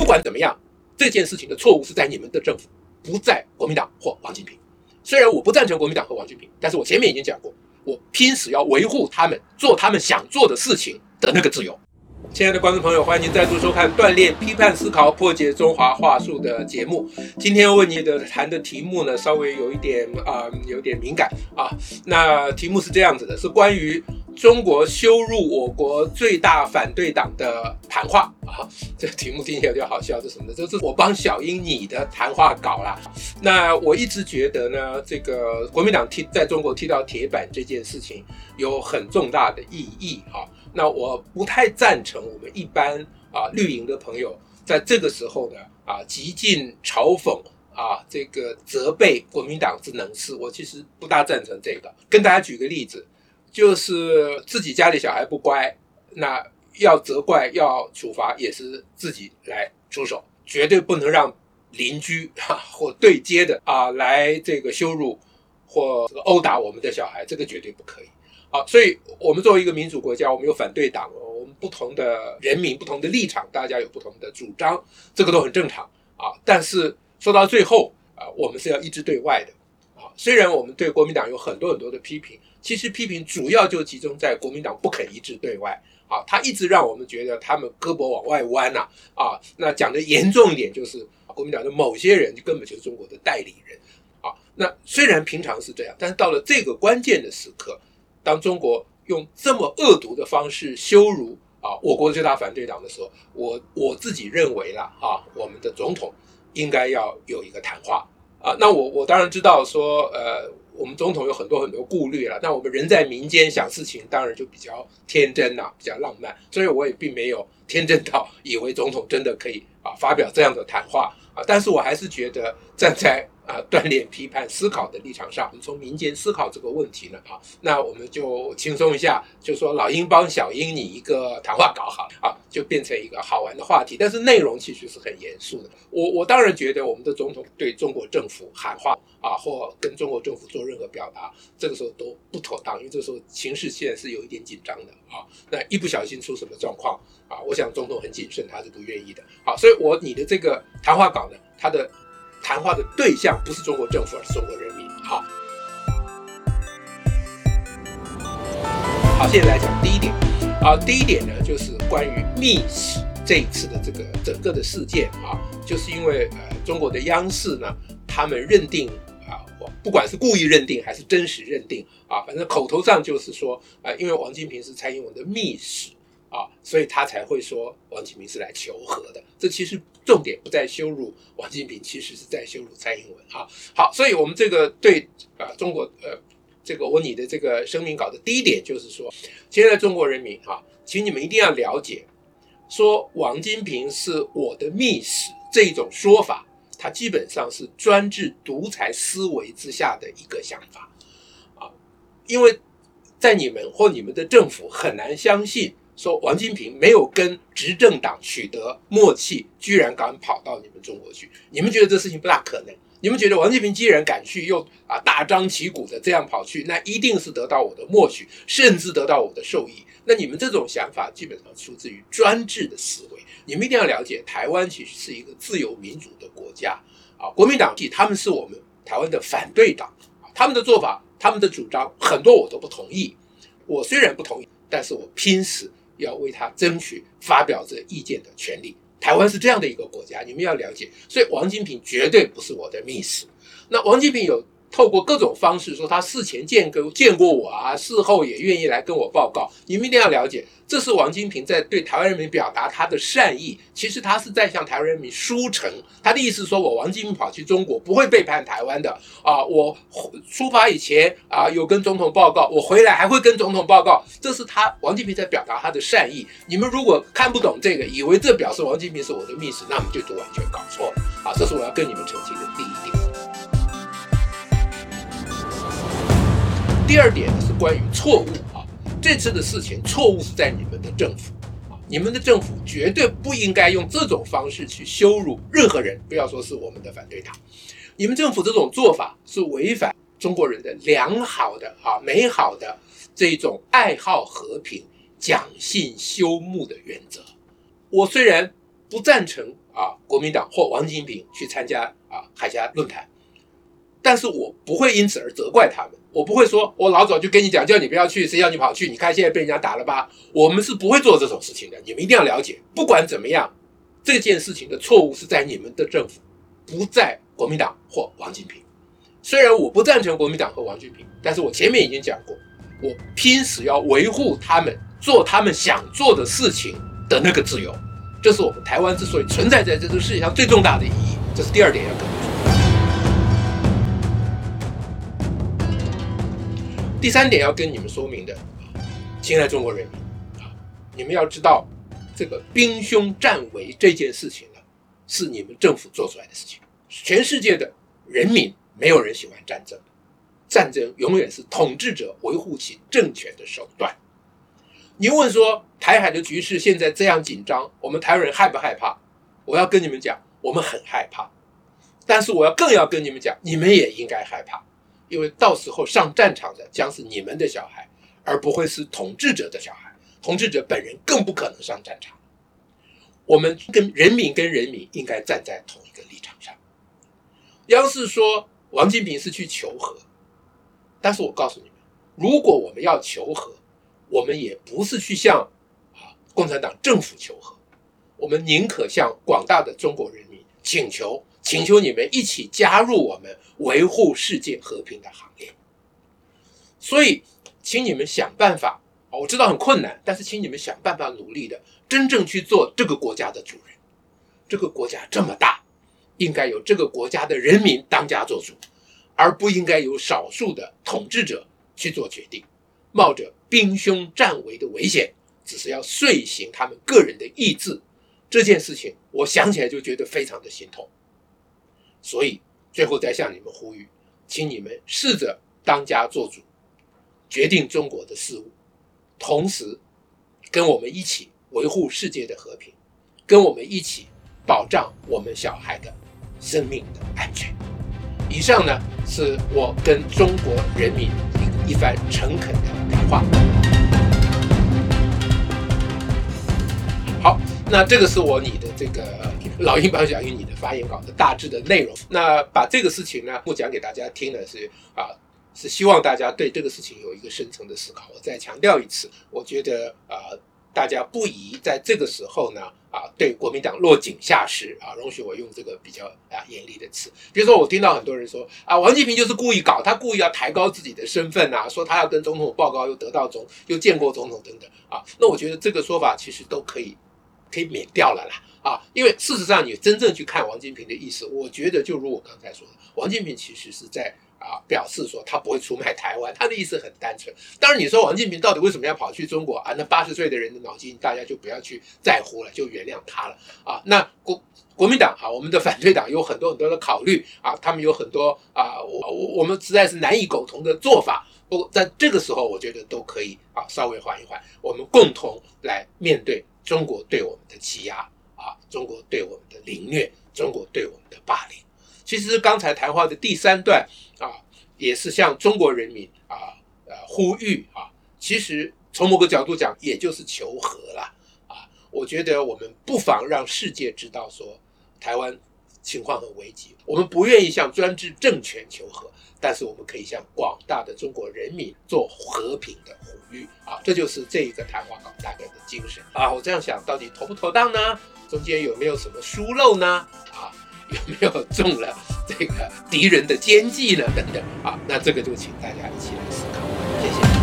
不管怎麼樣，這件事情的錯誤是在你們的政府，不在國民黨或王金平。雖然我不贊成國民黨和王金平，但是我前面已經講過，我拼死要維護他們做他們想做的事情的那個自由。親愛的觀眾朋友，歡迎您再度收看鍛鍊批判思考、破解中華話術的節目。今天問你的談的題目呢，稍微有一點啊、呃，有點敏感啊。那題目是這樣子的，是關於。中國羞辱我國最大反對黨的談話啊，這個、題目聽起來就好笑，這什麼的，這是我幫小英擬的談話稿啦。那我一直覺得呢，這個國民黨踢在中國踢到鐵板這件事情有很重大的意義啊。那我不太贊成我們一般啊綠營的朋友在這個時候呢啊極盡嘲諷啊這個責備國民黨之能事，我其實不大贊成這個。跟大家舉個例子。就是自己家裡小孩不乖，那要責怪要處罰也是自己來出手，絕對不能讓鄰居、啊、或對接的啊來這個羞辱或這個毆打我們的小孩，這個絕對不可以。好、啊，所以我們作為一個民主國家，我們有反對黨，我們不同的人民不同的立場，大家有不同的主張，這個都很正常啊。但是說到最後啊，我們是要一致對外的啊。雖然我們對國民黨有很多很多的批評。其實批評主要就集中在國民黨不肯一致對外啊，他一直讓我們覺得他們胳膊往外彎吶啊，啊。那講的嚴重一點，就是，啊，國民黨的某些人就根本就是中國的代理人啊。那雖然平常是這樣，但是到了這個關鍵的時刻，當中國用這麼惡毒的方式羞辱啊我國的最大反對黨的時候，我我自己認為了啊，我們的總統應該要有一個談話啊。那我我當然知道說呃。我們總統有很多很多顧慮了，那我們人在民間想事情，當然就比較天真吶、啊，比較浪漫，所以我也並沒有天真到以為總統真的可以啊發表這樣的談話啊，但是我還是覺得。站在啊、呃、鍛鍊批判思考的立場上，我們從民間思考這個問題呢啊，那我們就輕鬆一下，就說老英幫小英，擬一個談話稿好了，好啊，就變成一個好玩的話題。但是內容其實是很嚴肅的。我我當然覺得我們的總統對中國政府喊話啊，或跟中國政府做任何表達，這個時候都不妥當，因為這個時候情勢現在是有一點緊張的啊。那一不小心出什麼狀況啊，我想總統很謹慎，他是不願意的。好、啊，所以我擬的這個談話稿呢，他的，談話的對象不是中國政府，而是中國人民。好，好，現在來講第一點，啊，第一點呢就是關於密使這一次的這個整個的事件啊，就是因為呃中國的央視呢，他們認定啊，不管是故意認定還是真實認定啊，反正口頭上就是說啊，因為王金平是蔡英文的密使。啊，所以他才會說王金平是來求和的。這其實重點不在羞辱王金平，其實是在羞辱蔡英文。啊，好，所以我們這個對啊、呃，中國呃，這個我擬的這個聲明稿的第一點就是說，現在中國人民啊，請你們一定要了解，說王金平是我的密使這一種說法，他基本上是專制獨裁思維之下的一個想法，啊，因為在你們或你們的政府很難相信。說王金平沒有跟執政黨取得默契，居然敢跑到你們中國去？你們覺得這事情不大可能？你們覺得王金平既然敢去，又啊大張旗鼓的這樣跑去，那一定是得到我的默許，甚至得到我的授意？那你們這種想法基本上出自於專制的思維。你們一定要了解，台灣其實是一個自由民主的國家啊！國民黨即他們是我們台灣的反對黨，他們的做法、他們的主張很多我都不同意。我雖然不同意，但是我拼死。要為他爭取發表這意見的權利。台灣是這樣的一個國家，你們要了解。所以王金平絕對不是我的密使。那王金平有。透過各種方式說他事前見過見過我啊，事後也願意來跟我報告。你們一定要了解，這是王金平在對台灣人民表達他的善意。其實他是在向台灣人民輸誠，他的意思說我王金平跑去中國不會背叛台灣的啊。我出發以前啊有跟總統報告，我回來還會跟總統報告。這是他王金平在表達他的善意。你們如果看不懂這個，以為這表示王金平是我的密使，那我們就都完全搞錯了啊。這是我要跟你們澄清的第一點。第二點是關於錯誤啊，這次的事情錯誤是在你們的政府啊，你們的政府絕對不應該用這種方式去羞辱任何人，不要說是我們的反對黨，你們政府這種做法是違反中國人的良好的啊，美好的這種愛好和平、講信修睦的原則。我雖然不贊成啊國民黨或王金平去參加啊海峽論壇。但是我不會因此而責怪他們，我不會說，我老早就跟你講，叫你不要去，誰叫你跑去？你看現在被人家打了吧？我們是不會做這種事情的，你們一定要了解。不管怎麼樣，這件事情的錯誤是在你們的政府，不在國民黨或王金平。雖然我不贊成國民黨和王金平，但是我前面已經講過，我拼死要維護他們做他們想做的事情的那個自由，這是我們台灣之所以存在在這個世界上最重大的意義。這是第二點要跟。第三點要跟你們說明的啊，親愛中國人民啊，你們要知道，這個兵凶戰危這件事情呢，是你們政府做出來的事情。全世界的人民沒有人喜歡戰爭，戰爭永遠是統治者維護其政權的手段。你問說台海的局勢現在這樣緊張，我們台灣人害不害怕？我要跟你們講，我們很害怕。但是我要更要跟你們講，你們也應該害怕。因為到時候上戰場的將是你們的小孩，而不會是統治者的小孩，統治者本人更不可能上戰場。我們跟人民跟人民應該站在同一個立場上。央視說王金平是去求和，但是我告訴你們，如果我們要求和，我們也不是去向啊共產黨政府求和，我們寧可向廣大的中國人民請求。請求你們一起加入我們維護世界和平的行列。所以，請你們想辦法。我知道很困難，但是請你們想辦法努力的，真正去做這個國家的主人。這個國家這麼大，應該由這個國家的人民當家做主，而不應該由少數的統治者去做決定，冒着兵凶戰危的危險，只是要遂行他們個人的意志。這件事情，我想起來就覺得非常的心痛。所以，最後再向你們呼籲，請你們試着當家作主，決定中國的事務，同時跟我們一起維護世界的和平，跟我們一起保障我們小孩的生命的安全。以上呢，是我跟中國人民一一番誠懇的談話。好，那這個是我擬的這個。老英幫小英擬你的發言稿的大致的內容，那把這個事情呢，不講給大家聽呢，是啊，是希望大家對這個事情有一個深層的思考。我再強調一次，我覺得啊，大家不宜在這個時候呢，啊，對國民黨落井下石啊，容許我用這個比較啊嚴厲的詞。比如說，我聽到很多人說啊，王金平就是故意搞，他故意要抬高自己的身份啊，說他要跟總統報告，又得到總，又見過總統等等啊，那我覺得這個說法其實都可以。可以免掉了啦啊。因為事實上，你真正去看王金平的意思，我覺得就如我剛才說的，王金平其實是在啊表示說他不會出賣台灣，他的意思很單純。當然，你說王金平到底為什麼要跑去中國啊，那八十歲的人的腦筋，大家就不要去在乎了，就原諒他了啊！那國國民黨啊，我們的反對黨有很多很多的考慮啊，他們有很多啊，我我們實在是難以苟同的做法。不過在這個時候，我覺得都可以啊，稍微緩一緩，我們共同來面對中國對我們的欺壓啊，中國對我們的凌虐，中國對我們的霸凌。其實剛才談話的第三段啊，也是向中國人民啊呃呼籲啊。其實從某個角度講，也就是求和了啊。我覺得我們不妨讓世界知道說，說台灣情況很危急，我們不願意向專制政權求和。但是我們可以向廣大的中國人民做和平的呼籲啊，這就是這一個談話稿大概的精神啊。我這樣想，到底妥不妥當呢？中間有沒有什麼疏漏呢？啊，有沒有中了這個敵人的奸計呢？等等啊，那這個就請大家一起來思考，謝謝。